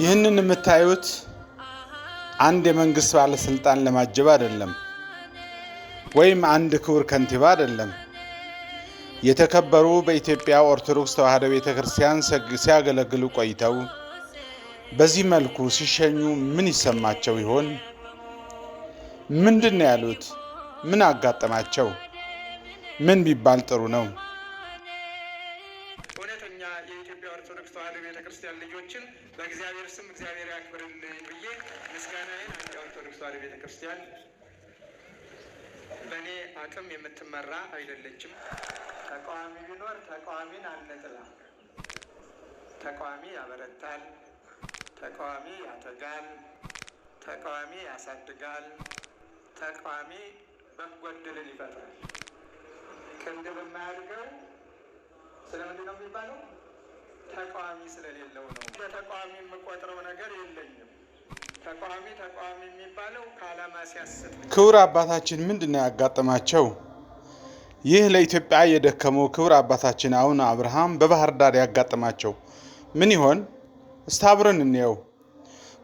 ይህንን የምታዩት አንድ የመንግስት ባለስልጣን ለማጀብ አይደለም፣ ወይም አንድ ክቡር ከንቲባ አይደለም። የተከበሩ በኢትዮጵያ ኦርቶዶክስ ተዋሕዶ ቤተ ክርስቲያን ሲያገለግሉ ቆይተው በዚህ መልኩ ሲሸኙ ምን ይሰማቸው ይሆን? ምንድን ነው ያሉት? ምን አጋጠማቸው? ምን ቢባል ጥሩ ነው? ክርስቲያን ልጆችን በእግዚአብሔር ስም እግዚአብሔር ያክብርልኝ ብዬ ምስጋናዬን አንድ ኦርቶዶክስ ተዋሕዶ ቤተ ክርስቲያን በእኔ አቅም የምትመራ አይደለችም። ተቃዋሚ ቢኖር ተቃዋሚን አንጥላ። ተቃዋሚ ያበረታል፣ ተቃዋሚ ያተጋል፣ ተቃዋሚ ያሳድጋል፣ ተቃዋሚ በጎ እድልን ይፈጥራል። ክንድ በማያድገው ስለምንድን ነው የሚባለው? ተቃዋሚ ስለሌለው ነው። በተቃዋሚ የምቆጥረው ነገር የለኝም። ተቃዋሚ ተቃዋሚ የሚባለው ከዓላማ ሲያስብ። ክቡር አባታችን ምንድን ነው ያጋጠማቸው? ይህ ለኢትዮጵያ የደከመው ክቡር አባታችን አቡነ አብርሃም በባህር ዳር ያጋጠማቸው ምን ይሆን? እስቲ አብረን እንየው።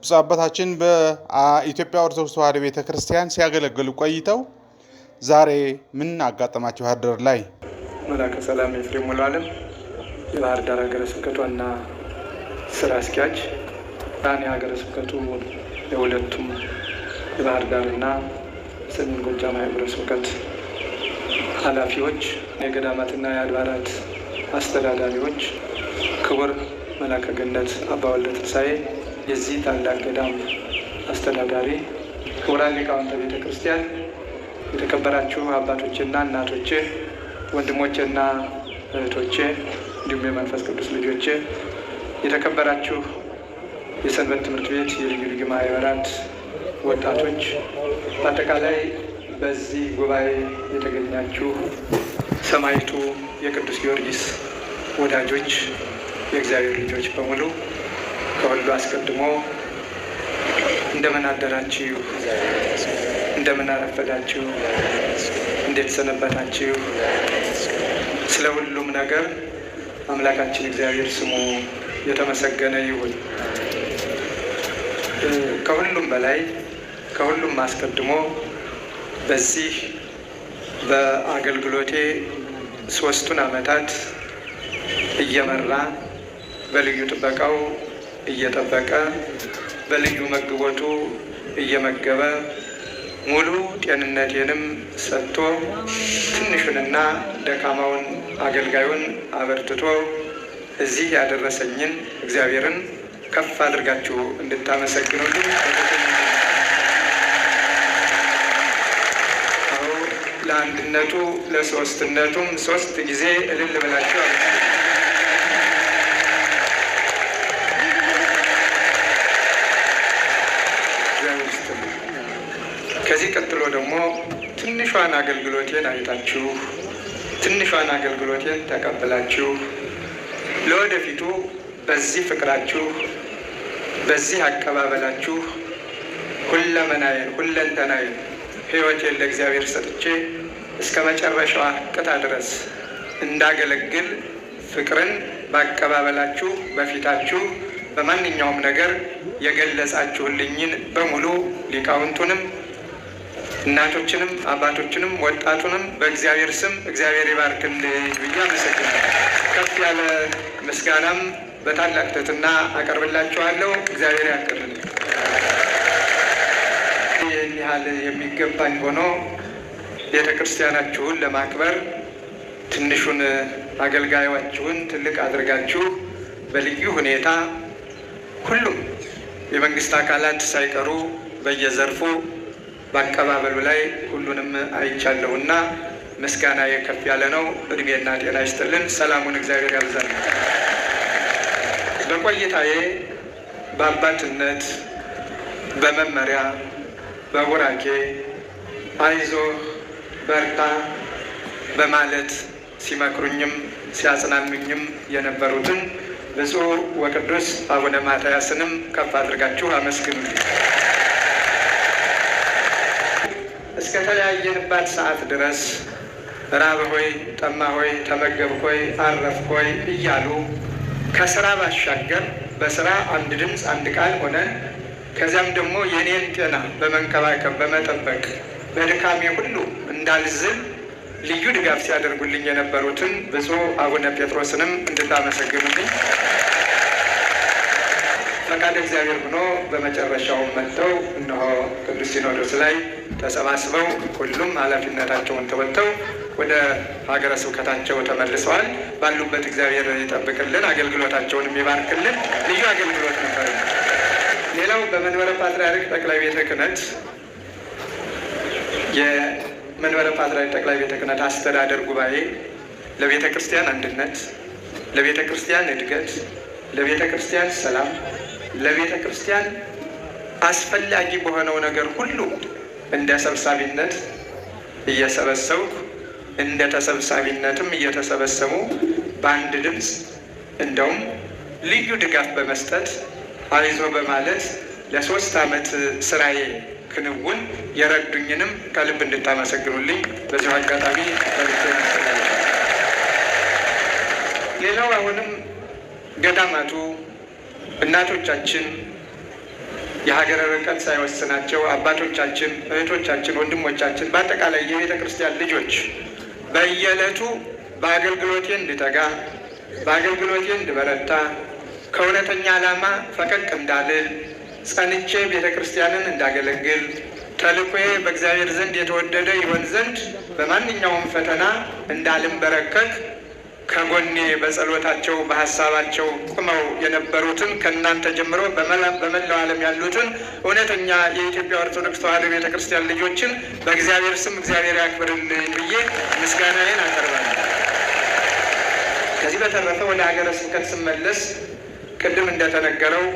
ብፁዕ አባታችን በኢትዮጵያ ኦርቶዶክስ ተዋሕዶ ቤተ ክርስቲያን ሲያገለግሉ ቆይተው ዛሬ ምን አጋጠማቸው? ባህር ዳር ላይ መላከ ሰላም ኤፍሬም ሙሉዓለም የባህር ዳር ሀገረ ስብከት ዋና ስራ አስኪያጅ ራኔ ሀገረ ስብከቱ የሁለቱም የባህር ዳር እና ሰሜን ጎጃም ሀገረ ስብከት ኃላፊዎች፣ የገዳማትና የአድባራት አስተዳዳሪዎች፣ ክቡር መላከ ገነት አባ ወልደ ትንሳኤ የዚህ ታላቅ ገዳም አስተዳዳሪ፣ ክቡራን ሊቃውንተ ቤተ ክርስቲያን፣ የተከበራችሁ አባቶችና እናቶቼ፣ ወንድሞቼና እህቶቼ እንዲሁም የመንፈስ ቅዱስ ልጆች የተከበራችሁ የሰንበት ትምህርት ቤት የልዩ ልዩ ማህበራት ወጣቶች፣ በአጠቃላይ በዚህ ጉባኤ የተገኛችሁ ሰማይቱ የቅዱስ ጊዮርጊስ ወዳጆች፣ የእግዚአብሔር ልጆች በሙሉ ከሁሉ አስቀድሞ እንደምን አደራችሁ? እንደምን አረፈዳችሁ? እንዴት ሰነበታችሁ? ስለ ሁሉም ነገር አምላካችን እግዚአብሔር ስሙ የተመሰገነ ይሁን። ከሁሉም በላይ ከሁሉም አስቀድሞ በዚህ በአገልግሎቴ ሶስቱን ዓመታት እየመራ በልዩ ጥበቃው እየጠበቀ በልዩ መግቦቱ እየመገበ ሙሉ ጤንነቴንም ሰጥቶ ትንሹንና ደካማውን አገልጋዩን አበርትቶ እዚህ ያደረሰኝን እግዚአብሔርን ከፍ አድርጋችሁ እንድታመሰግኑልኝ ለአንድነቱ ለሶስትነቱም ሶስት ጊዜ እልል ብላችሁ ቀጥሎ ደግሞ ትንሿን አገልግሎቴን አይታችሁ ትንሿን አገልግሎቴን ተቀብላችሁ ለወደፊቱ በዚህ ፍቅራችሁ በዚህ አቀባበላችሁ ሁለመናዬን ሁለንተናዬን ሕይወቴን ለእግዚአብሔር ሰጥቼ እስከ መጨረሻዋ ቅታ ድረስ እንዳገለግል ፍቅርን ባቀባበላችሁ በፊታችሁ በማንኛውም ነገር የገለጻችሁልኝን በሙሉ ሊቃውንቱንም እናቶችንም አባቶችንም ወጣቱንም በእግዚአብሔር ስም እግዚአብሔር ይባርክልኝ ብዬ አመሰግናለሁ። ከፍ ያለ ምስጋናም በታላቅ ትህትና አቀርብላችኋለሁ። እግዚአብሔር ያቅርልኝ። ይህን ያህል የሚገባኝ ሆኖ ቤተ ክርስቲያናችሁን ለማክበር ትንሹን አገልጋዮችሁን ትልቅ አድርጋችሁ በልዩ ሁኔታ ሁሉም የመንግስት አካላት ሳይቀሩ በየዘርፉ በአቀባበሉ ላይ ሁሉንም እና ምስጋና የከፍ ያለ ነው። እድሜና ጤና ይስጥልን። ሰላሙን እግዚአብሔር ያብዛል። በቆይታዬ በአባትነት በመመሪያ በቡራኬ አይዞ በርታ በማለት ሲመክሩኝም ሲያጽናኑኝም የነበሩትን ብፁዕ ወቅዱስ አቡነ ማትያስንም ከፍ አድርጋችሁ አመስግኑልኝ። እስከተለያየንባት ሰዓት ድረስ ራብ ሆይ፣ ጠማ ሆይ፣ ተመገብ ሆይ፣ አረፍ ሆይ እያሉ ከስራ ባሻገር በስራ አንድ ድምፅ አንድ ቃል ሆነን ከዚያም ደግሞ የእኔን ጤና በመንከባከብ በመጠበቅ በድካሜ ሁሉ እንዳልዝል ልዩ ድጋፍ ሲያደርጉልኝ የነበሩትን ብፁዕ አቡነ ጴጥሮስንም እንድታመሰግኑልኝ ፈቃድ እግዚአብሔር ሆኖ በመጨረሻውም መጥተው እነሆ ቅዱስ ሲኖዶስ ላይ ተሰባስበው ሁሉም ኃላፊነታቸውን ተወጥተው ወደ ሀገረ ስብከታቸው ተመልሰዋል። ባሉበት እግዚአብሔር ይጠብቅልን፣ አገልግሎታቸውን የሚባርክልን ልዩ አገልግሎት ነበር። ሌላው በመንበረ ፓትርያርክ ጠቅላይ ቤተ ክህነት የመንበረ ፓትርያርክ ጠቅላይ ቤተ ክህነት አስተዳደር ጉባኤ ለቤተ ክርስቲያን አንድነት፣ ለቤተ ክርስቲያን እድገት፣ ለቤተ ክርስቲያን ሰላም፣ ለቤተ ክርስቲያን አስፈላጊ በሆነው ነገር ሁሉ እንደ ሰብሳቢነት እየሰበሰብኩ እንደ ተሰብሳቢነትም እየተሰበሰቡ በአንድ ድምፅ እንደውም ልዩ ድጋፍ በመስጠት አይዞ በማለት ለሶስት ዓመት ስራዬ ክንውን የረዱኝንም ከልብ እንድታመሰግኑልኝ በዚሁ አጋጣሚ ሌላው አሁንም ገዳማቱ እናቶቻችን የሀገረ ርቀት ሳይወስናቸው አባቶቻችን፣ እህቶቻችን፣ ወንድሞቻችን በአጠቃላይ የቤተ ክርስቲያን ልጆች በየዕለቱ በአገልግሎቴ እንድተጋ በአገልግሎቴ እንድበረታ ከእውነተኛ ዓላማ ፈቀቅ እንዳልል ጸንቼ ቤተ ክርስቲያንን እንዳገለግል ተልኮዬ በእግዚአብሔር ዘንድ የተወደደ ይሆን ዘንድ በማንኛውም ፈተና እንዳልንበረከክ ከጎኔ በጸሎታቸው በሀሳባቸው ቁመው የነበሩትን ከእናንተ ጀምሮ በመላው ዓለም ያሉትን እውነተኛ የኢትዮጵያ ኦርቶዶክስ ተዋሕዶ ቤተ ክርስቲያን ልጆችን በእግዚአብሔር ስም እግዚአብሔር ያክብርልኝ ብዬ ምስጋናዬን አቀርባለሁ። ከዚህ በተረፈ ወደ ሀገረ ስብከት ስመለስ ቅድም እንደተነገረው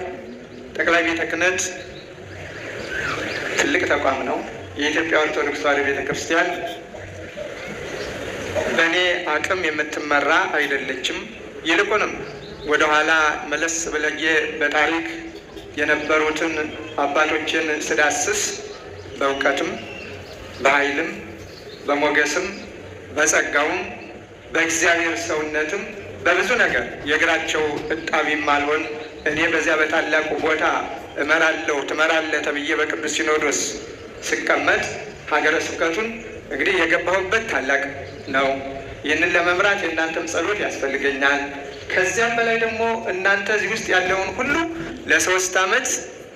ጠቅላይ ቤተ ክህነት ትልቅ ተቋም ነው። የኢትዮጵያ ኦርቶዶክስ ተዋሕዶ ቤተ ክርስቲያን በእኔ አቅም የምትመራ አይደለችም። ይልቁንም ወደኋላ መለስ ብለዬ በታሪክ የነበሩትን አባቶችን ስዳስስ በእውቀትም በኃይልም በሞገስም በጸጋውም በእግዚአብሔር ሰውነትም በብዙ ነገር የእግራቸው እጣቢም አልሆን። እኔ በዚያ በታላቁ ቦታ እመራለሁ ትመራለህ ተብዬ በቅዱስ ሲኖዶስ ስቀመጥ ሀገረ ስብከቱን እንግዲህ የገባሁበት ታላቅ ነው። ይህንን ለመምራት የእናንተም ጸሎት ያስፈልገኛል። ከዚያም በላይ ደግሞ እናንተ እዚህ ውስጥ ያለውን ሁሉ ለሶስት ዓመት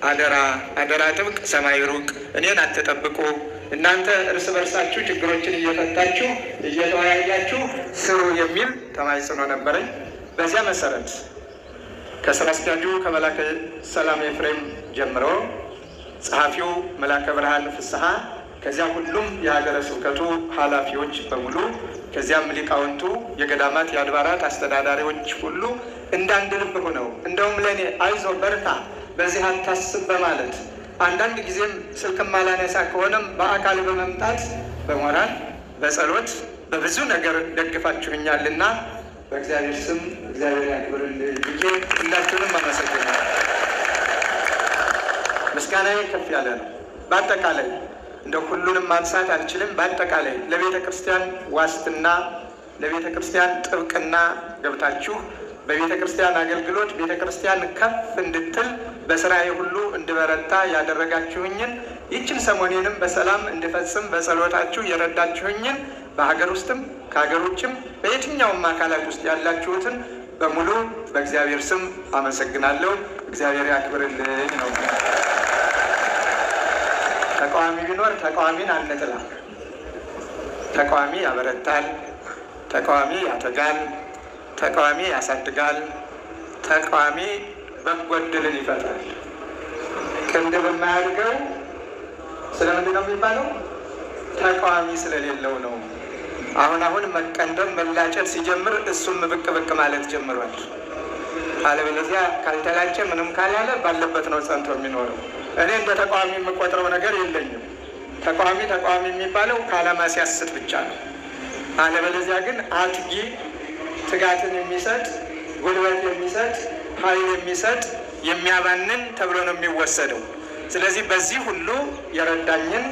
አደራ አደራ፣ ጥብቅ ሰማይ ሩቅ፣ እኔን አትጠብቁ። እናንተ እርስ በርሳችሁ ችግሮችን እየፈታችሁ እየተወያያችሁ ስሩ የሚል ተማጽኖ ነበረኝ። በዚያ መሰረት ከስራ አስኪያጁ ከመላከ ሰላም ኤፍሬም ጀምሮ ጸሐፊው መላከ ብርሃን ፍስሐ ከዚያ ሁሉም የሀገረ ስብከቱ ኃላፊዎች በሙሉ ከዚያም ሊቃውንቱ፣ የገዳማት የአድባራት አስተዳዳሪዎች ሁሉ እንዳንድ ልብ ሆነው እንደውም ለእኔ አይዞ በርታ፣ በዚህ አታስብ በማለት አንዳንድ ጊዜም ስልክም አላነሳ ከሆነም በአካል በመምጣት በሞራል በጸሎት በብዙ ነገር ደግፋችሁኛልና በእግዚአብሔር ስም እግዚአብሔር ያክብርልኝ ብዬ እንዳችሁንም አመሰግናለሁ። ምስጋናዬ ከፍ ያለ ነው። በአጠቃላይ እንደ ሁሉንም ማንሳት አልችልም። በአጠቃላይ ለቤተ ክርስቲያን ዋስትና፣ ለቤተ ክርስቲያን ጥብቅና ገብታችሁ በቤተ ክርስቲያን አገልግሎት ቤተ ክርስቲያን ከፍ እንድትል በስራዬ ሁሉ እንድበረታ ያደረጋችሁኝን ይችን ሰሞኔንም በሰላም እንድፈጽም በጸሎታችሁ የረዳችሁኝን በሀገር ውስጥም ከሀገር ውጭም በየትኛውም አካላት ውስጥ ያላችሁትን በሙሉ በእግዚአብሔር ስም አመሰግናለሁ። እግዚአብሔር ያክብርልኝ ነው። ተቃዋሚ ቢኖር ተቃዋሚን አንጥላም። ተቃዋሚ ያበረታል፣ ተቃዋሚ ያተጋል፣ ተቃዋሚ ያሳድጋል፣ ተቃዋሚ በጎ ዕድልን ይፈጥራል። ክንድ በማያድገው ስለምንድን ነው የሚባለው? ተቃዋሚ ስለሌለው ነው። አሁን አሁን መቀንደም መላጨት ሲጀምር እሱም ብቅ ብቅ ማለት ጀምሯል። አለበለዚያ ካልተላጨ ምንም ካላለ ባለበት ነው ጸንቶ የሚኖረው። እኔ እንደ የምቆጥረው ነገር የለኝም። ተቃዋሚ ተቃዋሚ የሚባለው ከዓላማ ሲያስት ብቻ ነው። አለበለዚያ ግን አትጊ ትጋትን የሚሰጥ ጉልበት የሚሰጥ ኃይል የሚሰጥ የሚያባንን ተብሎ ነው የሚወሰደው። ስለዚህ በዚህ ሁሉ የረዳኝን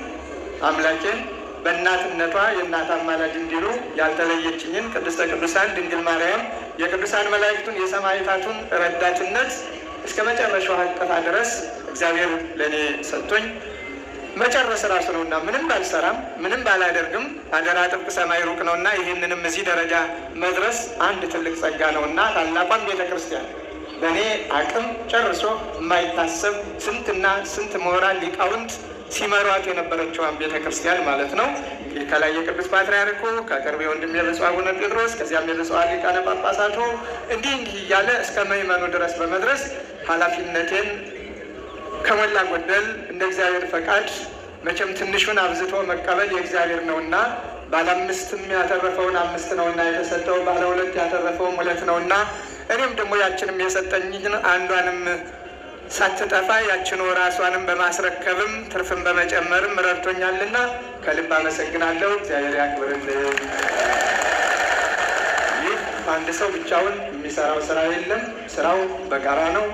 አምላኬን በእናትነቷ የእናት አማላጅ እንዲሉ ያልተለየችኝን ቅድስተ ቅዱሳን ድንግል ማርያም የቅዱሳን መላእክቱን የሰማዕታቱን ረዳትነት እስከ መጨረሻው ሀቀፋ ድረስ እግዚአብሔር ለእኔ ሰጥቶኝ መጨረስ ራሱ ነው እና ምንም ባልሰራም ምንም ባላደርግም አደራ ጥብቅ ሰማይ ሩቅ ነው እና ይህንንም እዚህ ደረጃ መድረስ አንድ ትልቅ ጸጋ ነው እና ታላቋን ቤተ ክርስቲያን በእኔ አቅም ጨርሶ የማይታሰብ ስንትና ስንት ምሁራን ሊቃውንት ሲመሯት የነበረችዋን ቤተ ክርስቲያን ማለት ነው። እንግዲህ ከላይ የቅዱስ ፓትርያርኩ ከቅርብ ወንድም የብፁዕ አቡነ ጴጥሮስ ከዚያም የብፁዓን ሊቃነ ጳጳሳቱ እንዲህ እንዲህ እያለ እስከ መይመኑ ድረስ በመድረስ ኃላፊነቴን ከሞላ ጎደል እንደ እግዚአብሔር ፈቃድ መቼም ትንሹን አብዝቶ መቀበል የእግዚአብሔር ነውና ባለ አምስትም ያተረፈውን አምስት ነውና የተሰጠው ባለ ሁለት ያተረፈውም ሁለት ነውና እኔም ደግሞ ያችንም የሰጠኝን አንዷንም ሳትጠፋ ያችኑ ራሷንም በማስረከብም ትርፍን በመጨመርም ረድቶኛልና ከልብ አመሰግናለሁ። እግዚአብሔር ያክብርልን። ይህ አንድ ሰው ብቻውን የሚሰራው ስራ የለም። ስራው በጋራ ነው፣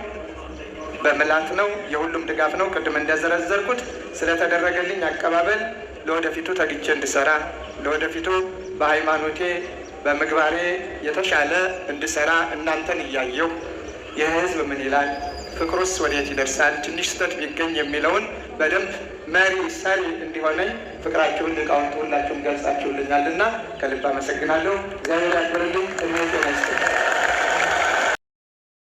በምላት ነው፣ የሁሉም ድጋፍ ነው። ቅድም እንደዘረዘርኩት ስለተደረገልኝ አቀባበል ለወደፊቱ ተግቼ እንድሰራ ለወደፊቱ በሃይማኖቴ በምግባሬ የተሻለ እንድሰራ እናንተን እያየው የህዝብ ምን ይላል ፍቅሩስ ወዴት ይደርሳል፣ ትንሽ ስህተት ቢገኝ የሚለውን በደንብ መሪ ሰሪ እንዲሆነኝ ፍቅራችሁን ሊቃውንት ሁላችሁም ገልጻችሁልኛልና ከልብ አመሰግናለሁ። እግዚአብሔር ያክብርልኝ።